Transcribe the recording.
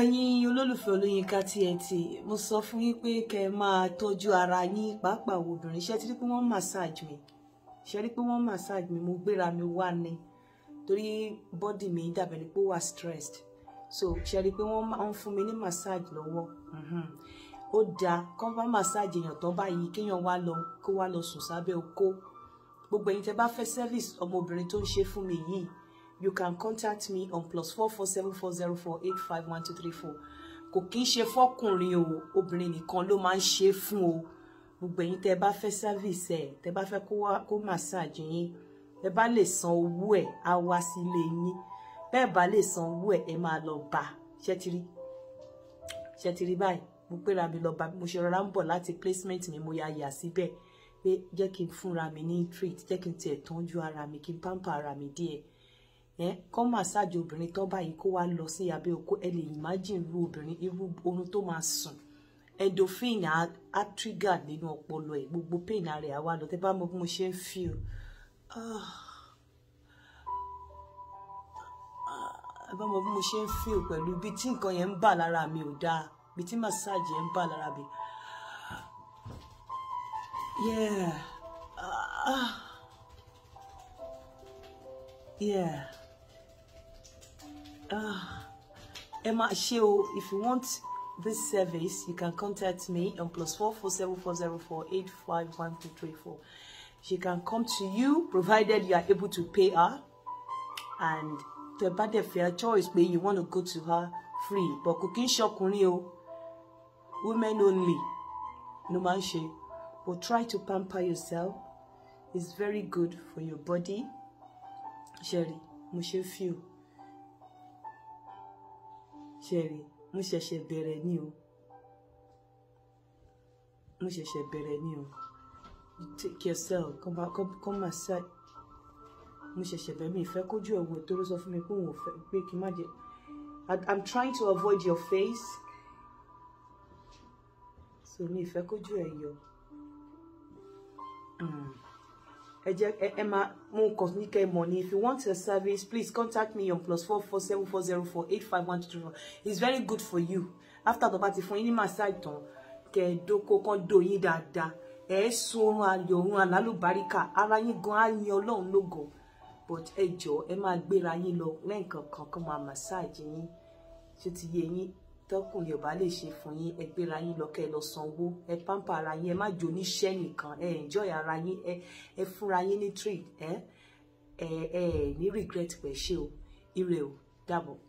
ẹ̀yin olólùfẹ́ olóyinka TNT mo sọ fún yín pé kẹ́ ẹ máa tọ́jú ara yín pàápàá wo obìnrin ṣe ti rí pé wọ́n massage mi ṣe rí pé wọ́n massage mi mo gbéra mi wá ni torí bọ́dì mi dàbẹ̀ ni pé wà stressed so ṣe rí pé wọ́n fún mi ní massage lọ́wọ́ ó dáa kọ́ bá massage èèyàn tó báyìí kéèyàn wá lọ kó wá lọ sùn sábẹ́ okó gbogbo ẹ̀yin tẹ́ bá fẹ́ service ọmọbìnrin tó ń ṣe fún mi yìí you can contact me on plus four four seven four zero four eight five one two three four kò kí ń ṣe fọkùnrin o obìnrin nìkan ló máa ń ṣe fún o gbogbo ẹ̀yin tẹ́ bá fẹ́ service ẹ tẹ́ bá fẹ́ kó wá kó massage yín ẹ bá lè san owó ẹ á wá sílé yín bẹ́ẹ̀ bá lè san owó ẹ ẹ máa lọ bá ṣe ti báyìí mo péra mi lọ bá mo ṣe rọra ń bọ̀ láti placement mi mo ya yà síbẹ̀ pé jẹ́ kí n fúnra mi ní treat jẹ́ kí n tiẹ̀ tọ́jú ara mi kí n pamper ara mi díẹ̀ ẹ kọ́ màsáàjì obìnrin tó báyìí kó wá lọ sí abẹ́ oko ẹ lè imagine irú obìnrin irú oorun tó máa sùn endorphin á á trigger nínú ọpọlọ ẹ gbogbo pain rẹ á wá lọ tẹ bá mọ bí mo ṣe ń feel ah. Ah. ẹ bá mọ bí mo ṣe ń feel pẹ̀lú bí tí nǹkan yẹn ń bà lára mi ò dáa bí tí màsáàjì yẹn ń bà lára mi. Yeah. Uh, yeah. Ah, Emma Sheo, if you want this service, you can contact me on plus four four seven four zero four eight five one two three four. She can come to you provided you are able to pay her. And to about the fair choice, may you want to go to her free. But cooking shop women only. No man she. But try to pamper yourself. It's very good for your body. Sherry, Moshe Few ṣẹ̀rí mo ṣẹ̀ṣẹ̀ bẹ̀rẹ̀ ni o mo ṣẹ̀ṣẹ̀ bẹ̀rẹ̀ ni o you take yourself come back come come aside mo ṣẹ̀ṣẹ̀ bẹ̀rẹ̀ mi ìfẹ́ kójú ọ̀wọ̀ tó ló sọ fún mi pé òun ò fẹ́ pé kí n má jẹ I'm trying to avoid your face so mi ìfẹ́ kójú ẹ̀ yọ. Mm ẹ jẹ́ ẹ máa mú if you want a service please contact me on plus four four seven four zero four eight five one two three four it's very good for you after the bá ti fún yín ní massage tán kẹ́ Do dóko kan dó yín dáadáa ẹ sun oorun ayọ̀ oorun alálùbáríkà ara yín gan á yin ọlọ́run go. but ẹ jọ̀ọ́ ẹ máa gbéra yín lọ lẹ́ǹkan kan kó massage yín ṣé ti yé tọkùn yorùbá lè ṣe fún yín ẹ gbéra yín lọ kẹ ẹ lọ sanwó ẹ pampa ara yín ẹ má jò níṣẹ́ nìkan ẹ enjoy ara yín ẹ ẹ fúnra yín ní treat ẹ ẹ ẹ ní regret pẹ ṣe o ire o dàbọ̀.